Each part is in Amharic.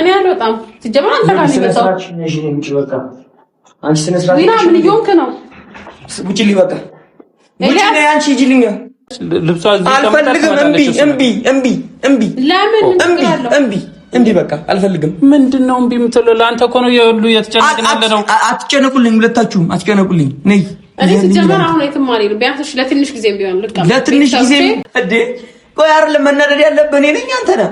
እኔ አልወጣም። ሲጀመር አንተ ጋር እምቢ በቃ አልፈልግም። ምንድን ነው እምቢ የምትለው? ለአንተ እኮ ነው የሁሉ እየተጨነቅን ያለ ነው። አትጨነቁልኝ፣ ሁለታችሁም አትጨነቁልኝ። ነይ ለትንሽ ጊዜ ለትንሽ ጊዜ ቆይ። አይደለም መናደድ ያለብህ እኔ ነኝ አንተ ነህ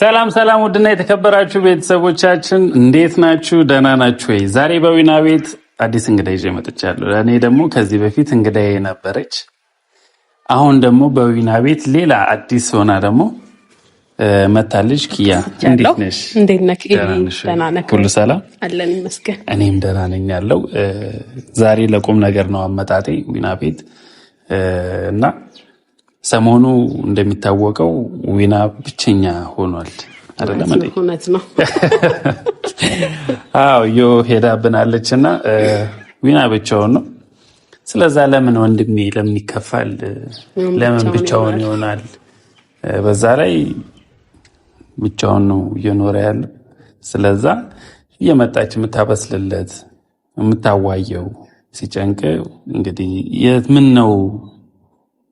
ሰላም ሰላም፣ ውድና የተከበራችሁ ቤተሰቦቻችን እንዴት ናችሁ? ደህና ናችሁ ወይ? ዛሬ በዊና ቤት አዲስ እንግዳ ይዤ መጥቻለሁ። ለእኔ ደግሞ ከዚህ በፊት እንግዳ የነበረች አሁን ደግሞ በዊና ቤት ሌላ አዲስ ሆና ደግሞ መታለች። ኪያ እንዴት ነሽ? እንዴት ነህ? ደህና ነህ? ሁሉ ሰላም አለን ይመስገን። እኔም ደህና ነኝ ያለው። ዛሬ ለቁም ነገር ነው አመጣጤ ዊና ቤት እና ሰሞኑ እንደሚታወቀው ዊና ብቸኛ ሆኗል። እውነት ነው። አዎ ዮ ሄዳብናለች እና ዊና ብቻውን ነው። ስለዛ ለምን ወንድሜ ለምን ይከፋል? ለምን ብቻውን ይሆናል? በዛ ላይ ብቻውን ነው እየኖረ ያለ። ስለዛ እየመጣች የምታበስልለት የምታዋየው ሲጨንቅ እንግዲህ ምን ነው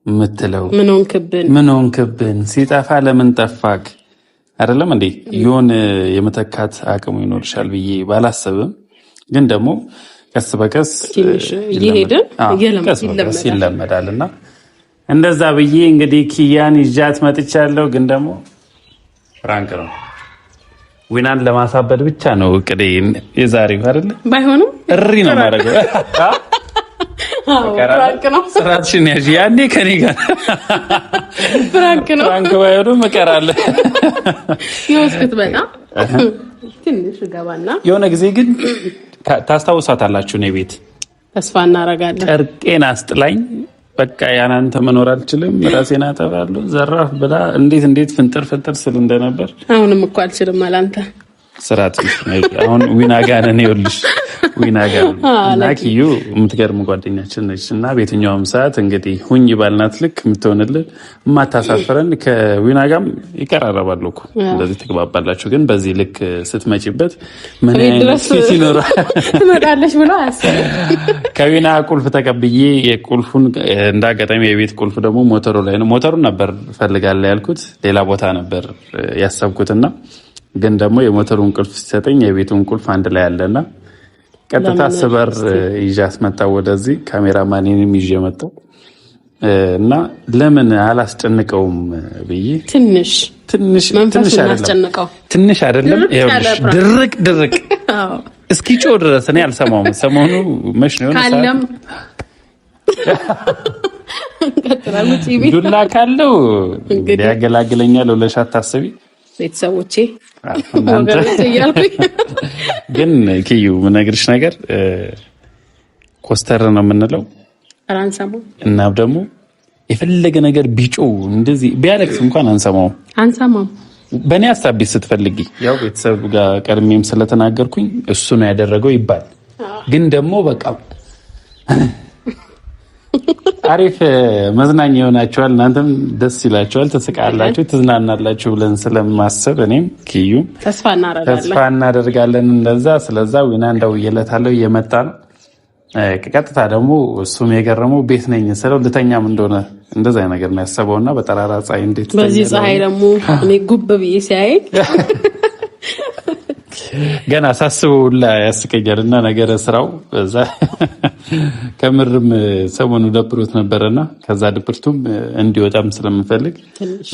የምትለው ምን ሆንክብን፣ ሲጠፋ ለምን ጠፋክ አይደለም እንዴ? ይሆን የመተካት አቅሙ ይኖርሻል ብዬ ባላሰብም ግን ደግሞ ቀስ በቀስ ይለመዳል እና እንደዛ ብዬ እንግዲህ ኪያን ይዣት መጥቻለሁ ግን ደግሞ ፍራንክ ነው። ዊናን ለማሳበድ ብቻ ነው እቅዴ የዛሬው አይደለ። ባይሆንም እሪ ነው ማድረገው። ስራችን ያዥ ያኔ ከኔ ጋር ፍራንክ ነው። ፍራንክ ባይሆንም እቀራለሁ። የወስኩት በጣም ትንሽ ገባና የሆነ ጊዜ ግን ታስታውሳታላችሁ። እኔ ቤት ተስፋ እናደርጋለን። ጨርቄን አስጥላኝ በቃ ያናንተ መኖር አልችልም፣ ራሴን አጠፋለሁ፣ ዘራፍ ብላ እንዴት እንዴት ፍንጥር ፍንጥር ስል እንደነበር አሁንም እኮ አልችልም አላንተ ስራት አሁን ዊና ነን። ይኸውልሽ ዊና ላኪ ዩ የምትገርም ጓደኛችን ነች እና በየትኛውም ሰዓት እንግዲህ ሁኝ ባልናት ልክ የምትሆንልን የማታሳፍረን ከዊናጋም ይቀራረባሉ እኮ እንደዚህ ትግባባላችሁ። ግን በዚህ ልክ ስትመጪበት ምን አይነት ሴት ይኖራል ትመጣለች ብሎ ከዊና ቁልፍ ተቀብዬ የቁልፉን እንደ አጋጣሚ የቤት ቁልፍ ደግሞ ሞተሩ ላይ ነው። ሞተሩን ነበር ፈልጋለ ያልኩት ሌላ ቦታ ነበር ያሰብኩትና ግን ደግሞ የሞተሩን ቁልፍ ሲሰጠኝ የቤቱን ቁልፍ አንድ ላይ አለና ቀጥታ ስበር ይዤ አስመጣው ወደዚህ ካሜራ ማኔንም ይዤ መጣሁ እና ለምን አላስጨንቀውም ብዬ ትንሽ ትንሽ አይደለም ድርቅ ድርቅ እስኪ ጮ ድረስ እኔ አልሰማውም። ሰሞኑ መሽ ነው ዱላ ካለው ያገላግለኛል ብለሽ አታስቢ። ቤተሰቦቼ ግን ክዩ ምነግርሽ ነገር ኮስተር ነው የምንለው እናም ደግሞ የፈለገ ነገር ቢጮ እንደዚህ ቢያለቅስ እንኳን አንሰማው አንሰማም። በእኔ ሀሳብ ቤት ስትፈልጊ ያው ቤተሰብ ጋር ቀድሜም ስለተናገርኩኝ እሱ ነው ያደረገው ይባል ግን ደግሞ በቃ አሪፍ መዝናኝ ይሆናችኋል። እናንተም ደስ ይላችኋል፣ ትስቃላችሁ፣ ትዝናናላችሁ ብለን ስለማሰብ እኔም ክዩ ተስፋ እናደርጋለን እንደዛ። ስለዛ ዊና እንደውየለታለው እየመጣ ነው። ቀጥታ ደግሞ እሱም የገረመው ቤት ነኝ ስለው ልተኛም እንደሆነ እንደዛ ነገር ነው ያሰበውና በጠራራ ፀሐይ እንዴት በዚህ ፀሐይ ደግሞ እኔ ጉብ ብዬ ሲያይ ገና ሳስበው ላ ያስቀኛል። እና ነገረ ስራው በዛ ከምርም ሰሞኑ ደብሮት ነበረና ከዛ ድብርቱም እንዲወጣም ስለምፈልግ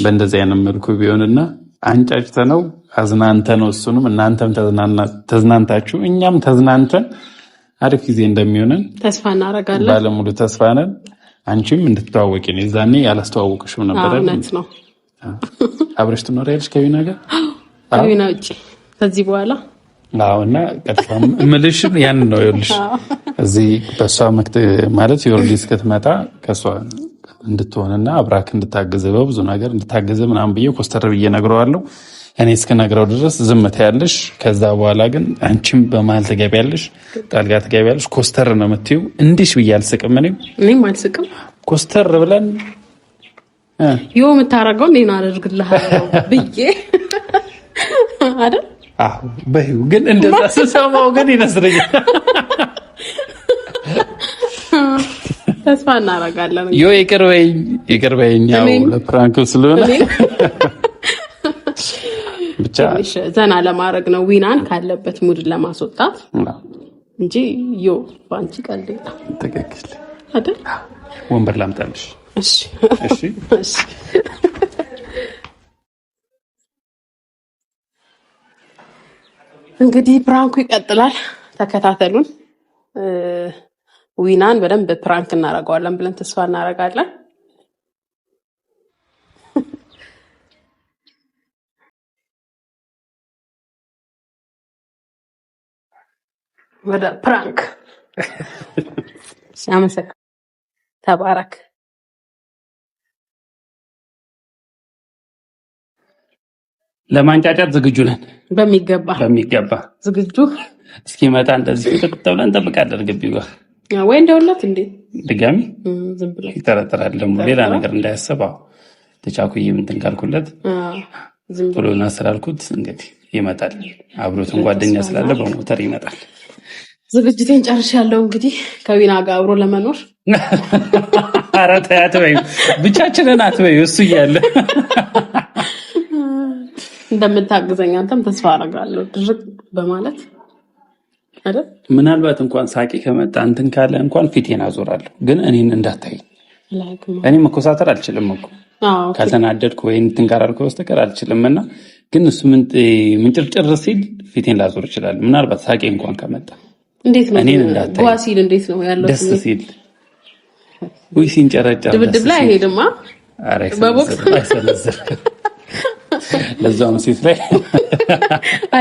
በእንደዚህ አይነት መልኩ ቢሆንና አንጫጭተ ነው አዝናንተ ነው እሱንም እናንተም ተዝናንታችሁ እኛም ተዝናንተን አሪፍ ጊዜ እንደሚሆንን ተስፋ እናረጋለን። ባለሙሉ ተስፋ ነን። አንቺም እንድትተዋወቂ ነው። የዛኔ ያላስተዋወቅሽም ነበረ። ነው። አብረሽ ትኖሪያለሽ ከዊና ጋር ከዊና ውጭ ከዚህ በኋላ እና ቀጥታ ምልሽ ያን ነው ይልሽ እዚህ በእሷ ማለት ዮርዲስ ስትመጣ ከእሷ እንድትሆንና አብራክ እንድታግዝ በብዙ ነገር እንድታገዘ ምናምን ብዬ ኮስተር ብዬ ነግረዋለሁ። እኔ እስክነግረው ድረስ ዝምት ያለሽ። ከዛ በኋላ ግን አንቺም በመሀል ትገቢያለሽ፣ ጣልጋ ትገቢያለሽ። ኮስተር ነው የምትይው። እንዲሽ ብዬ አልስቅም። እኔም እኔም አልስቅም። ኮስተር ብለን ይኸው የምታረገው እኔን አደርግልሃለሁ ብዬ አይደል በይው ግን እንደዛ ስሰማው ግን ይነስረኛል። ተስፋ እናደርጋለን። ዮ ይቅር በይኝ ይቅር በይኝ፣ ያው ለፕራንክ ስለሆነ ብቻ ዘና ለማድረግ ነው፣ ዊናን ካለበት ሙድ ለማስወጣት እንጂ ዮ በአንቺ ቀልድ ትክክል አይደል? ወንበር ላምጣልሽ። እሺ እሺ። እንግዲህ ፕራንኩ ይቀጥላል። ተከታተሉን። ዊናን በደንብ ፕራንክ እናደርገዋለን ብለን ተስፋ እናደርጋለን። ወደ ፕራንክ ተባረክ። ለማንጫጫት ዝግጁ ነን። በሚገባ በሚገባ ዝግጁ። እስኪመጣ እንደዚህ ፍቅጥ ብለን እንጠብቃለን። ግቢ ጋር ወይ እንደውለት እንዴ ድጋሚ ይጠረጠራል። ደግሞ ሌላ ነገር እንዳያስብ ተቻኩዬ ምንትን ካልኩለት ብሎና ስላልኩት እንግዲህ ይመጣል። አብሮትን ጓደኛ ስላለ በሞተር ይመጣል። ዝግጅቴን ጨርሻለሁ። እንግዲህ ከዊና ጋር አብሮ ለመኖር ኧረ ተይ አትበይው፣ ብቻችንን አትበይው እሱ እያለ እንደምታግዘኝ አንተም ተስፋ አደርጋለሁ። ድርቅ በማለት ምናልባት እንኳን ሳቂ ከመጣ እንትን ካለ እንኳን ፊቴን አዞራለሁ፣ ግን እኔን እንዳታይ። እኔ መኮሳተር አልችልም እኮ ካልተናደድኩ ወይ እንትን ካላልኩ በስተቀር አልችልም። እና ግን እሱ ምንጭርጭር ሲል ፊቴን ላዞር ይችላል። ምናልባት ሳቂ እንኳን ከመጣ እኔን እንዳታይኝ፣ ደስ ሲል ውይ ሲንጨረጨር፣ ድብድብ ላይ አይሄድማ በቦክስ ለዛም ሴት ላይ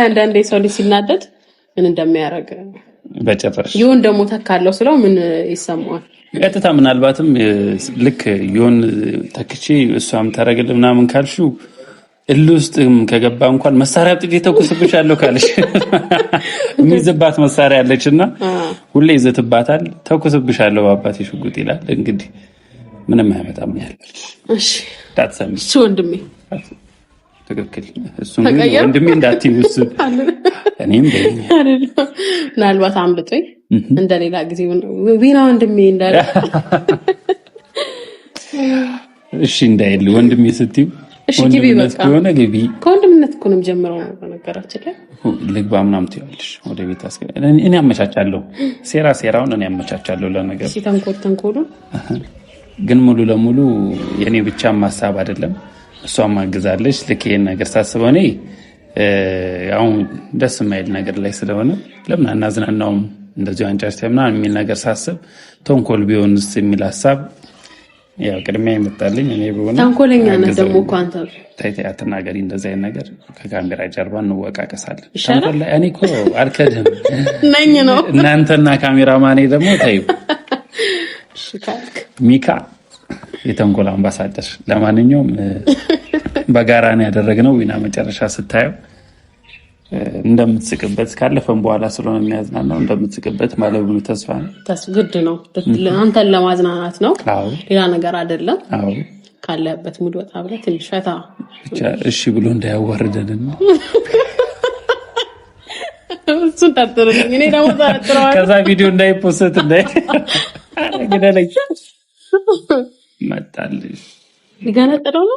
አንዳንዴ ሰው ልጅ ሲናደድ ምን እንደሚያደርግ በጭራሽ ይሁን ደግሞ ተካለው ስለው ምን ይሰማዋል? ቀጥታ ምናልባትም ልክ ይሁን ተክቼ እሷም ታደርግል ምናምን ካልሹ እል ውስጥ ከገባ እንኳን መሳሪያ ጥቂት ተኩስብሻለሁ ካለች የሚዝባት መሳሪያ አለች እና ሁሌ ይዘትባታል። ተኩስብሻለሁ አባት ሽጉጥ ይላል። እንግዲህ ምንም አይመጣም ያልበልሽ ወንድሜ ትክክል እሱም ወንድሜ እንዳትዪ እሱን እኔም ምናልባት አምልጦኝ እንደሌላ ጊዜ ዊና ወንድሜ እንዳለ እሺ እንዳይል ወንድሜ ስትዪው ሆነ ግቢ ከወንድምነት እኮ ነው የምጀምረው። በነገራችን ላይ ልግባ ምናምን ትይዋለሽ ወደ ቤት አስ እኔ አመቻቻለሁ። ሴራ ሴራውን እኔ አመቻቻለሁ። ለነገር ተንኮል ተንኮሉ ግን ሙሉ ለሙሉ የእኔ ብቻም ሀሳብ አይደለም እሷም አግዛለች። ልክ ይሄን ነገር ሳስበው እኔ አሁን ደስ የማይል ነገር ላይ ስለሆነ ለምን አናዝናናውም እንደዚሁ አንጫጭ ምናምን የሚል ነገር ሳስብ ተንኮል ቢሆንስ የሚል ሀሳብ ያው ቅድሚያ ይመጣልኝ። እኔ በሆነ ተንኮለኛ ነህ ደግሞ እኮ አንተ ታይታ አትናገሪ፣ እንደዚህ አይነት ነገር ከካሜራ ጀርባ እንወቃቀሳለን። እኔ እኮ አልከድህም ነኝ ነው እናንተና ካሜራ ማኔ ደግሞ ታዩ ሚካ የተንኮል አምባሳደር። ለማንኛውም በጋራ ነው ያደረግነው። ዊና መጨረሻ ስታየው እንደምትስቅበት ካለፈን በኋላ ስለሆነ የሚያዝናናው እንደምትስቅበት ባለሙሉ ተስፋ ነው። ግድ ነው፣ አንተን ለማዝናናት ነው፣ ሌላ ነገር አይደለም። ካለበት ሙድ ወጣ ብለህ ትንሽ ፈታ እሺ ብሎ እንዳያዋርደንን እሱ እንዳትርልኝ፣ እኔ ደግሞ ከዛ ቪዲዮ እንዳይፖስት እንዳይግደለኝ መጣልሽ ሊገነጥለው ነው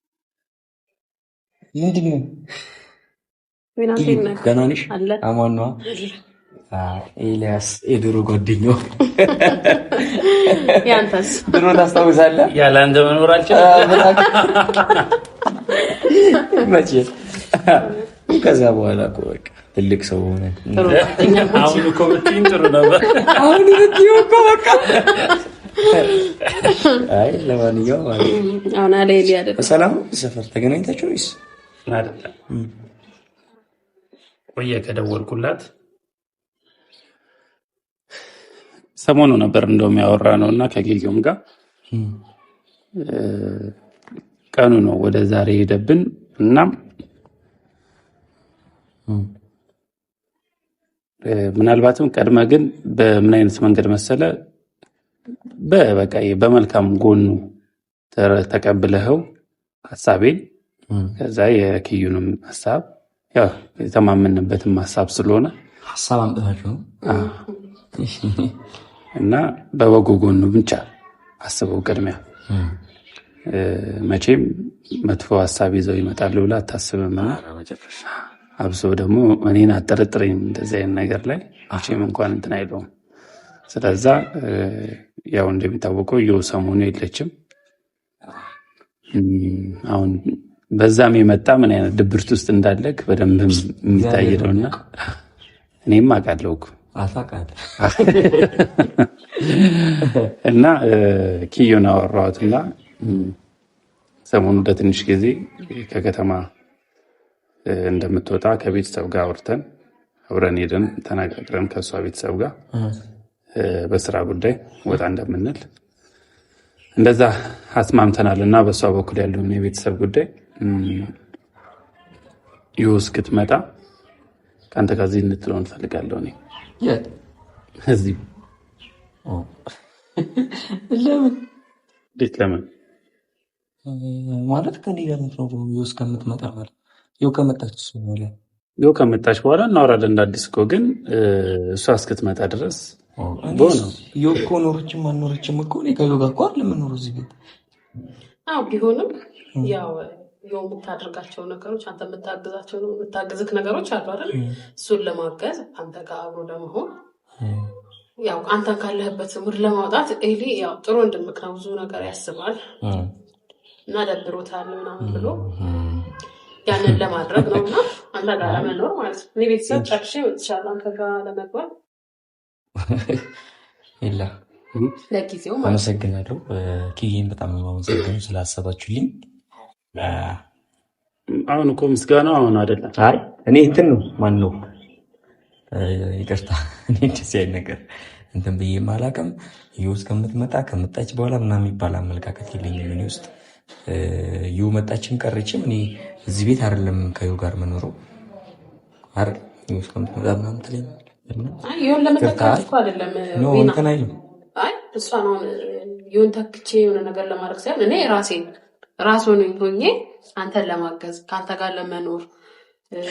ምንድን ነው ገና ነሽ? አማኗ ኤልያስ የድሮ ጓደኛው ድሮ ታስታውሳለህ? ያለ አንተ መኖር አልችልም መቼ ከዛ በኋላ እኮ በቃ ትልቅ ሰው ሆነ። አሁን እኮ ብትይኝ ጥሩ ነበር። አሁን ብትይኝ እኮ በቃ አይ፣ ለማንኛውም ሰላም ሰፈር ተገናኝታችሁ ወይስ አይደለም። ቆየ ከደወልኩላት ሰሞኑ ነበር እንደውም ያወራ ነው እና ከጌጌውም ጋር ቀኑ ነው ወደ ዛሬ ሄደብን። እናም ምናልባትም ቀድመ ግን በምን አይነት መንገድ መሰለ በበቃ በመልካም ጎኑ ተቀብለኸው ሀሳቤን ከዛ የክዩንም ሀሳብ የተማመንበትም ሀሳብ ስለሆነ ሀሳብ አምጥታችሁ እና በበጎ ጎኑ ብቻ አስበው። ቅድሚያ መቼም መጥፎ ሀሳብ ይዘው ይመጣሉ ብላ አታስብም። አብሶ ደግሞ እኔን አጠረጥረኝ እንደዚህ አይነት ነገር ላይ መቼም እንኳን እንትን አይለውም። ስለዛ ያው እንደሚታወቀው የው ሰሞኑ የለችም አሁን በዛም የመጣ ምን አይነት ድብርት ውስጥ እንዳለክ በደንብ የሚታይ ነውና እኔም አውቃለሁ እና ኪዮን አወራኋትና ሰሞኑ ለትንሽ ጊዜ ከከተማ እንደምትወጣ ከቤተሰብ ጋር አውርተን አብረን ሄደን ተነጋግረን ከእሷ ቤተሰብ ጋር በስራ ጉዳይ ወጣ እንደምንል እንደዛ አስማምተናል እና በእሷ በኩል ያለውን የቤተሰብ ጉዳይ ይኸው እስክትመጣ ከአንተ ጋር እዚህ እንትለው እንፈልጋለሁ። እኔ እዚህ ለምን እንዴት ለምን ማለት ከኔ ጋር ምትኖሩ ይኸው እስከምትመጣ ማለት ይኸው ከመጣች ይኸው ከመጣች በኋላ እናወራለን። እንዳዲስ አዲስ እኮ ግን እሷ እስክትመጣ ድረስ ይኸው እኮ ኖረችም እኮ እኔ ከይኸው ጋር እኮ አይደለም እዚህ ቤት ቢሆንም ያው የምታደርጋቸው ነገሮች አንተ የምታግዛቸው የምታግዝክ ነገሮች አሉ አይደል? እሱን ለማገዝ አንተ ጋር አብሮ ለመሆን ያው አንተ ካለህበት ሙድ ለማውጣት ኤሊ ያው ጥሩ ወንድምህ ነው። ብዙ ነገር ያስባል እና ደብሮታል ምናምን ብሎ ያንን ለማድረግ ነው እና አንተ ጋር ለመኖር ማለት ነው። ቤተሰብ ጨርሼ ወጥቻለሁ። አንተ ጋር ለመግባት የለ ለጊዜው አመሰግናለሁ። ኪዬን በጣም ማመሰግኑ ስላሰባችሁልኝ አሁን እኮ ምስጋና አሁን አይደለም። አይ እኔ እንትን ነው ማን ነው ይቅርታ፣ እኔ ደስ ያለ ነገር እንትን ብዬ አላውቅም። ዩ እስከምትመጣ ከመጣች በኋላ ምናምን የሚባል አመለካከት የለኝም እኔ ውስጥ። ዩ መጣችም ቀረችም እኔ እዚህ ቤት አይደለም ከዩ ጋር መኖሩ አይደል። ዩ እስከምትመጣ ምናምን ትለኝ እንትን አይልም። አይ እሷን አሁን ዩን ተክቼ የሆነ ነገር ለማድረግ ሳይሆን እኔ ራሴን ራሱን ሆኜ አንተን ለማገዝ ከአንተ ጋር ለመኖር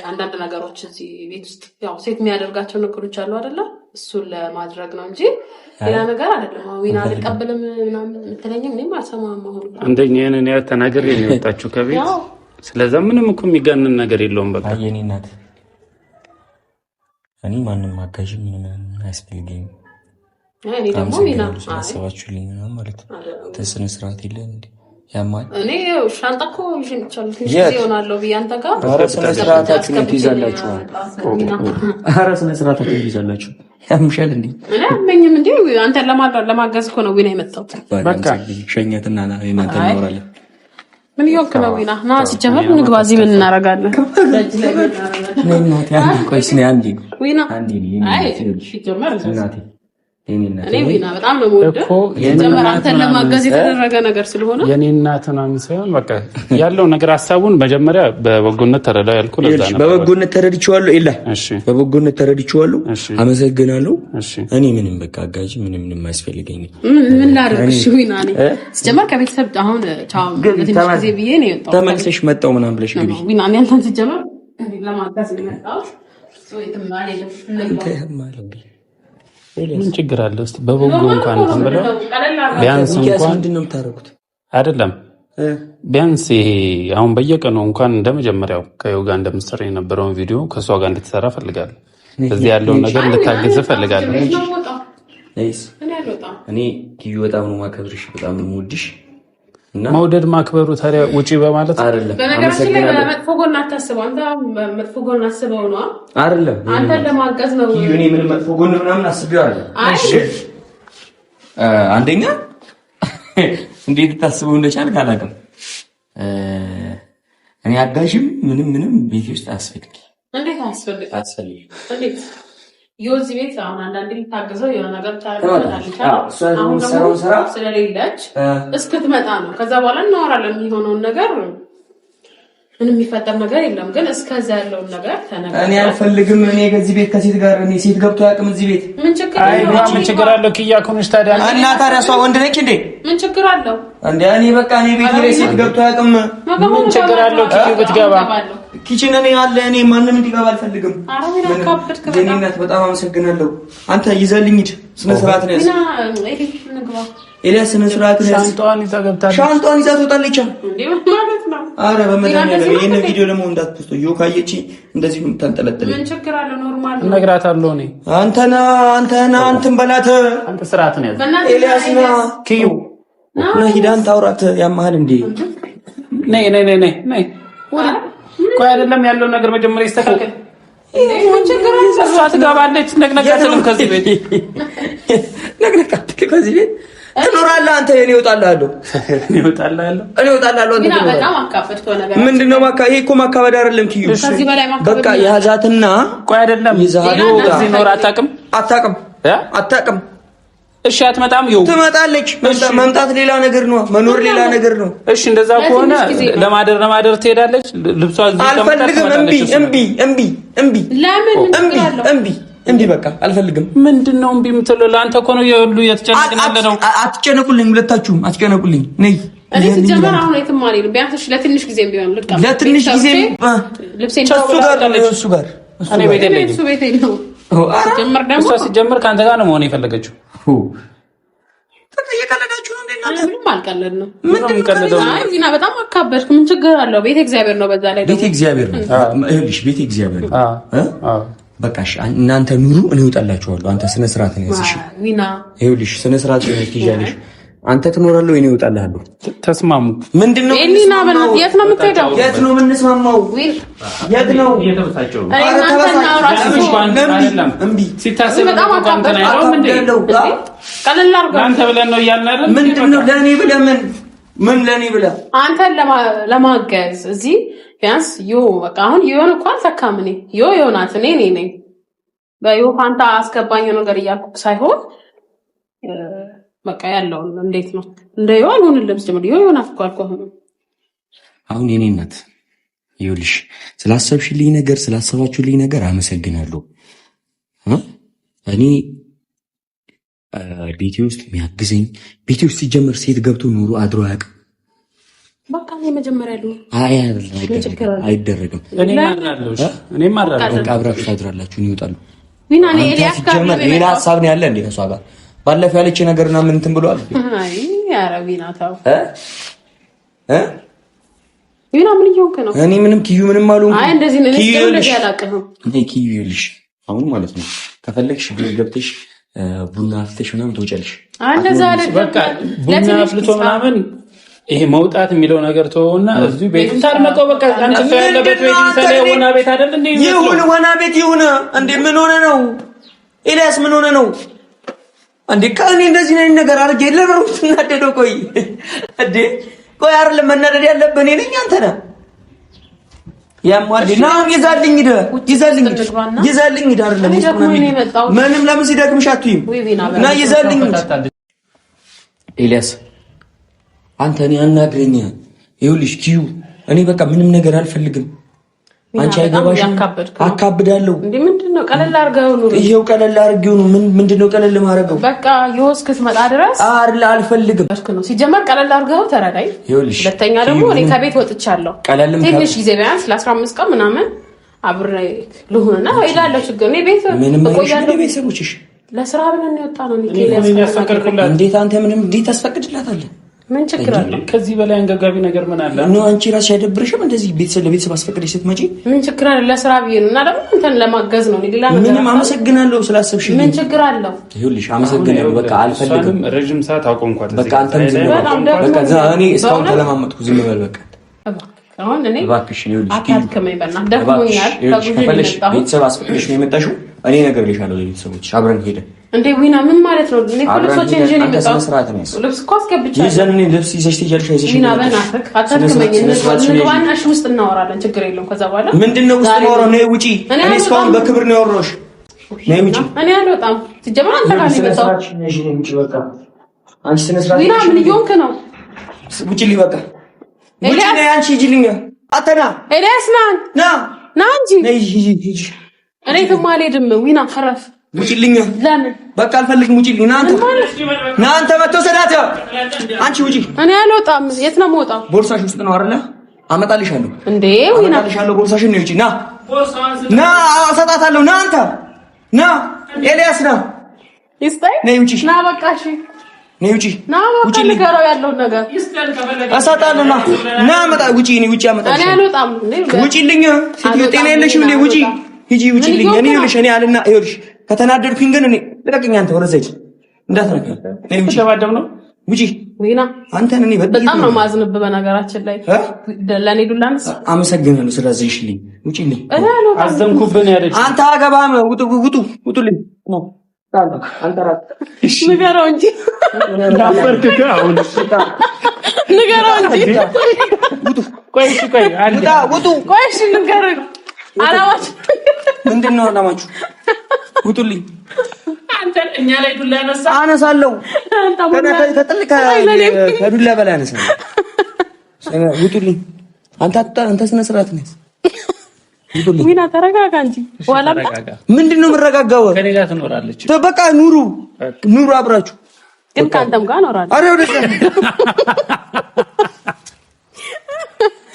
አንዳንድ ነገሮች እዚህ ቤት ውስጥ ያው ሴት የሚያደርጋቸው ነገሮች አሉ አደለ? እሱን ለማድረግ ነው እንጂ ሌላ ነገር አደለም። ዊና አልቀበልም ምትለኝ እኔም አልሰማም። አሁን አንደኛ ንን ተናገር የሚወጣችው ከቤት ስለዛ ምንም እኮ የሚጋንን ነገር የለውም። በቃ የኔ እናት እኔ ማንም አጋዥ ምንም አያስፈልገኝም። ደግሞ ዊና ስባችሁልኝ ማለት ነው ተስነ ስርዓት የለን እንዴ ያማኝ ኧረ ስነ ስርዓታችሁን ትይዛላችሁ። ኧረ ስነ ስርዓታችሁን ትይዛላችሁ። ያምሻል እንዴ? እንዴ? አንተን ለማገዝ እኮ ነው ዊና የመጣሁት። በቃ ሸኘትና እናንተ እናወራለን። ምን ነው ዊና? ና ሲጀመር ንግባ። እዚህ ምን እናደርጋለን? ቆይ ስኔ አንዴ ዊና፣ አንዴ ሲጀመር የኔ እናት ምናምን ሳይሆን በቃ ያለው ነገር ሀሳቡን መጀመሪያ በበጎነት ተረዳ ያልኩ በበጎነት ተረድቼዋለሁ። የለ በበጎነት ተረድቼዋለሁ። አመሰግናለሁ። እኔ ምንም በቃ አጋዥ ምንም ምንም አያስፈልገኝም። ምን ላደርግ ሲጀመር ከቤተሰብ አሁን ተመልሰሽ መጣሁ ምናምን ብለሽ ግቢ ምን ችግር አለ? እስቲ በበጎ እንኳን እንትን ብለው ቢያንስ እንኳን ምንድነው የምታደርጉት? አይደለም ቢያንስ ይሄ አሁን በየቀኑ እንኳን እንደመጀመሪያው ከዮጋ እንደምትሰራ የነበረውን ቪዲዮ ከእሷ ጋር እንድትሰራ ፈልጋለሁ። እዚህ ያለውን ነገር እንድታገዝ ፈልጋለሁ። እኔ ኪዩ በጣም ነው ማከብርሽ፣ በጣም ነው የምወድሽ መውደድ ማክበሩ ታዲያ ውጪ በማለት አይደለም። በነገራችን ላይ መጥፎ ጎን አታስበው። አንተ መጥፎ ጎን አስበው ነው አይደለም? አንተ ለማገዝ ነው። እኔ ምን መጥፎ ጎን ምናምን አስቤው አይደለም። እሺ፣ አንደኛ እንዴት ታስበው እንደቻል አላውቅም። እኔ አጋዥም ምንም ምንም ቤት ውስጥ አስፈልግ እንዴት እንዴት የወዚ ቤት አሁን የሆነ ነገር አሁን ደግሞ ስለሌለች እስክትመጣ ነው። ከዛ በኋላ እናወራለን የሚሆነውን ነገር ምንም የሚፈጠር ነገር የለም። ግን እስከዛ ያለውን ነገር ተነጋግረን እኔ አልፈልግም። እኔ ከዚህ ቤት ከሴት ጋር እኔ ሴት ገብቶ አያውቅም እዚህ ቤት። ምን ችግር አለው? ምን ችግር አለው? ኪያ ኮንሽ ታዲያ እና ታዲያ እሷ ወንድ ነች እንዴ? ምን ችግር አለው? እንዴ እኔ በቃ እኔ ቤት ላይ ሴት ገብቶ አያውቅም። ምን ችግር አለው? ኪዩ ብትገባ ኪችን እኔ አለ እኔ ማንም እንዲገባ አልፈልግም። የእኔ እናት በጣም አመሰግናለሁ። አንተ ይዘልኝ ሂድ። ስነ ስርዓት ነው ያዝ። ኤልያስ ስነ ስርዓት ነው ያዝ። ሻንጧን ይዛ ገብታለች። ሻንጧን ይዛ ትወጣለች። አረ በመድኃኒዓለም ይሄን ቪዲዮ ደግሞ እንዳትፖስቶ እዩ ካየቺ እንደዚህ ተንጠለጠለ። ምን ችግር አለ? ኖርማል እነግራታለሁ። እኔ አንተና አንተና አንተን በላተ አንተ ስርዓት ነው ያዘ ኤልያስና ኪዩ እና ሂዳን ታውራት ያማህል እንዴ ነይ ነይ ነይ ነይ ነይ ቆይ አይደለም ያለው ነገር መጀመሪያ ይስተካከል። እሷ ትገባለች። ነቅነቃትልም ከዚህ ቤት ነቅነቃትልም ከዚህ ቤት ትኖራለህ አንተ። እኔ እወጣልሃለሁ፣ እኔ እወጣልሃለሁ፣ እኔ እወጣልሃለሁ። ምንድን ነው ማካ? ይሄ እኮ ማካበድ አይደለም። ኪዩ በቃ ያዛትና፣ ቆይ አይደለም፣ አታውቅም፣ አታውቅም፣ አታውቅም። እሺ አትመጣም። ይኸው ትመጣለች። መምጣት ሌላ ነገር ነው፣ መኖር ሌላ ነገር ነው። እሺ እንደዛ ከሆነ ለማደር ለማደር ትሄዳለች። ልብሷ አልፈልግም፣ እምቢ፣ እምቢ፣ እምቢ፣ እምቢ፣ እምቢ እንዲህ በቃ አልፈልግም። ምንድን ነው እምቢ የምትለው? ለአንተ እኮ ነው የሁሉ እየተጨነቅን ያለ ነው። አትጨነቁልኝ፣ ሁለታችሁም አትጨነቁልኝ። ነይ አሁን ለትንሽ ጊዜ እሱ ጋር ሲጀምር ከአንተ ጋር ነው መሆን የፈለገችው። ነው። በጣም አካበድክ። ምን ችግር አለው? ቤተ እግዚአብሔር ነው። በዛ ላይ ቤተ እግዚአብሔር ነው። ቤተ እግዚአብሔር ነው በቃ እናንተ ኑሩ፣ እኔ እወጣላችኋለሁ። አንተ ስነ ስርዓት ነው ያዝሽ። ይኸውልሽ ስነ ስርዓት ነው ያዝሽ። አንተ ትኖራለህ ወይ? እወጣልሃለሁ። ተስማሙ። ምንድን ነው ኒና? የት ነው የምትሄደው? የት ነው የምንስማማው? የት ነው ለእኔ ብለህ ምን ምን ለእኔ ብለህ አንተን ለማገዝ እዚህ ቢያንስ ዮ በቃ አሁን ዮን እኮ አልተካም። እኔ ዮ ዮናት እኔ እኔ ነኝ። በዮ ፋንታ አስገባኝ ነገር እያልኩ ሳይሆን በቃ ያለውን እንዴት ነው እንደ ዮ አልሆንልም። ስጀምር ዮ ዮናት እኮ አልኩ። አሁን የኔ እናት ይኸውልሽ፣ ስላሰብሽልኝ ነገር ስላሰባችሁልኝ ነገር አመሰግናለሁ። እኔ ቤቴ ውስጥ የሚያግዘኝ ቤቴ ውስጥ ሲጀምር ሴት ገብቶ ኑሮ አድሮ አያውቅም በቃ የመጀመሪያ ያሉ አይደረግም። እኔም አድራለሁ። አብራችሁ ታድራላችሁ ይወጣሉ። ሌላ ሀሳብ ነው ያለ እንዴ? ከሷ ጋር ባለፈው ያለች ነገርና ምን እንትን ብለዋል። እኔ ምንም ኪዩ ምንም አልሆንኩም። ኪዩ ይልሽ አሁን ማለት ነው ከፈለግሽ ገብተሽ ቡና አፍልተሽ ምናምን ትወጫለሽ። ቡና አፍልቶ ምናምን ይሄ መውጣት የሚለው ነገር ተወውና እዚሁ ቤት ታድመቀው። በቃ አንተ ሰው ያለበት ቤት ወና ቤት አይደል እንዴ? ይሁን ወና ቤት ይሁን እንዴ። ምን ሆነ ነው? ኤልያስ ምን ሆነ ነው እንዴ? ከእኔ እንደዚህ ነኝ ነገር አድርጌ ለበሩ ትናደደው። ቆይ እንዴ ቆይ፣ አይደለም መናደድ ያለብህ እኔ ነኝ አንተ ነህ። ይዛልኝ ይዛልኝ ይዛልኝ ምንም ለምን ሲደግምሽ አትይም ና ይዛልኝ ኤልያስ አንተ እኔ አናግረኝ። ይኸውልሽ ኪዩ፣ እኔ በቃ ምንም ነገር አልፈልግም። አንቺ አይገባሽም። አካብዳለሁ። ምንድነው ቀለል አድርገው ነው ይሄው ቀለል ነው። ምንድነው ቀለል ማረገው? በቃ ይወስክ እስክትመጣ ድረስ አይደል? አልፈልግም። ሲጀመር ቀለል አድርገው ተረዳይ። ይኸውልሽ፣ ሁለተኛ ደግሞ እኔ ከቤት ወጥቻለሁ። ቀለልም ትንሽ ጊዜ ቢያንስ ለ15 ቀን ምናምን አብሬ ልሁንና እሄዳለሁ። ችግር ነው ቤት ምንም ቆያለሁ። ቤተሰቦችሽ ለስራ ብለን ነው እንዴት አንተ ምንም እንዴት ምን ችግር አለ? ከዚህ በላይ አንገብጋቢ ነገር ምን አለ? ነው አንቺ ራስሽ አይደብርሽም? እንደዚህ ቤተሰብ ለቤተሰብ አስፈቅደሽ ስትመጪ ምን ችግር አለ? ለስራ ብዬ ነው እና ደግሞ እንትን ለማገዝ ነው። ሌላ ነገር ምንም። አመሰግናለሁ ስላሰብሽ። ምን ችግር አለው? ይኸውልሽ፣ አመሰግናለሁ። በቃ አልፈልግም። ረጅም ሰዓት አቆምኳት። በቃ አንተም ዝም በል። በቃ እኔ እስካሁን ተለማመጥኩ። ዝም በል በቃ። አሁን እኔ እባክሽ፣ ይኸውልሽ፣ አታድክመኝ። በእናትህ ደክሞኛል። ከፈለግሽ ቤተሰብ አስፈቅደሽ ነው የመጣሽው እኔ ነገር ልሻለሁ። ቤተሰቦች አብረን ሄደ እንዴ ዊና ምን ማለት ነው? እኔ ልብሶች እንጂ ነው የሚጣው ልብስ እኮ አስገብቻለሁ። ይዘን እኔ ልብስ ይዘሽ ትሄጃለሽ። አይዘሽ ዊና በናፍቅ አታድክመኝ። እንዋና እሺ፣ ውስጥ እናወራለን። ችግር የለውም። ከዛ በኋላ ምንድን ነው ውስጥ እናወራው? ነይ ውጪ። እኔ እስካሁን በክብር ነው ያወራሁሽ። ነይ ውጪ። እኔ አልወጣም። ትጀምር አንተ ጋር ነው የመጣው። አንቺ ስነ ስርዓት ዊና፣ ምን እየሆንክ ነው? ውጪ ሊበቃ ውጪ። ነይ አንቺ ሂጂልኝ። አተና ኤልያስ ና ና ና እንጂ ነይ ሂጂ ሂጂ እኔ ግን አልሄድም። ዊና ፈረስ ውጪልኝ። ለምን በቃ አልፈልግም። ውጪልኝ። ናንተ ናንተ ና አንተ መተው አንቺ ውጪ። እኔ አልወጣም። የት ነው የምወጣው? ቦርሳሽ ውስጥ ነው አይደለ? አመጣልሻለሁ። እንዴ ዊና አመጣልሻለሁ። ቦርሳሽን ነው። ውጪ። ና ና፣ እሰጣታለሁ። ና አንተ ና፣ ኤልያስ ና፣ ይስጠይ። ነይ ውጪ። ና በቃ እሺ ነይ ውጪ። ና ውጪ። ልገራው ያለውን ነገር እሰጣለሁ። ና ና፣ አመጣ ውጪ። ነይ ውጪ አመጣልሽ። እኔ አልወጣም። ውጪልኝ። ሴትዮ ጤና የለሽም። ውጪ ሂጂ ውጪልኝ። እኔ ይኸውልሽ እኔ አልና ይኸውልሽ ከተናደድኩኝ ግን እኔ ልቀቅኝ። አንተ ወደ እዛ ሂጂ እንዳትነካ። እኔ ነው ውጪ። ወይና አንተን እኔ በጣም ነው ማዝንብ። በነገራችን ላይ ለኔ ዱላንስ አመሰግናለሁ ስላዘንሽልኝ። ውጪልኝ። አዘንኩብን ያለች አንተ አገባም። ውጡ ውጡ ውጡልኝ ነው ንገረው እንጂ ንገረው እንጂ ቆይ ቆይ ንገረው አላማችሁ ምንድን ነው? አላማችሁ ውጡልኝ። አንተ እኛ ላይ ዱላ ያነሳ አነሳለሁ። ከዱላ በላይ አነሳ። ውጡልኝ። አንተ አንተ ስነ ስርዓት ነህ። ሚና ተረጋጋ እንጂ ምንድን ነው የምረጋጋው? በቃ ኑሩ ኑሩ አብራችሁ ግን ከአንተም ጋር እኖራለሁ።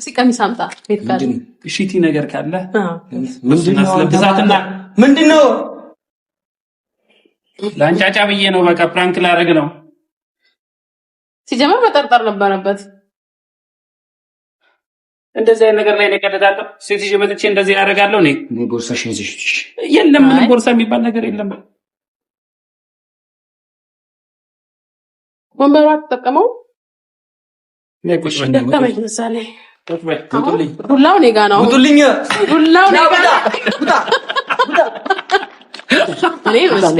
እስኪ ቀሚስ አምጣ። ቤት ካለ እሺቲ ነገር ካለ ነው? ለአንጫጫ ብዬ ነው። በቃ ፕራንክ ላደርግ ነው። ሲጀመር መጠርጠር ነበረበት። እንደዚህ አይነት ነገር ላይ ነቀደዳለሁ። ሴት ይዤ መጥቼ እንደዚህ ያደርጋለሁ። የለም፣ ምንም ቦርሳ የሚባል ነገር የለም። ወንበሯ ተጠቀመው ዱላው እኔ ጋ ነው። ዱልኝ ዱላው እኔ ጋ ነው።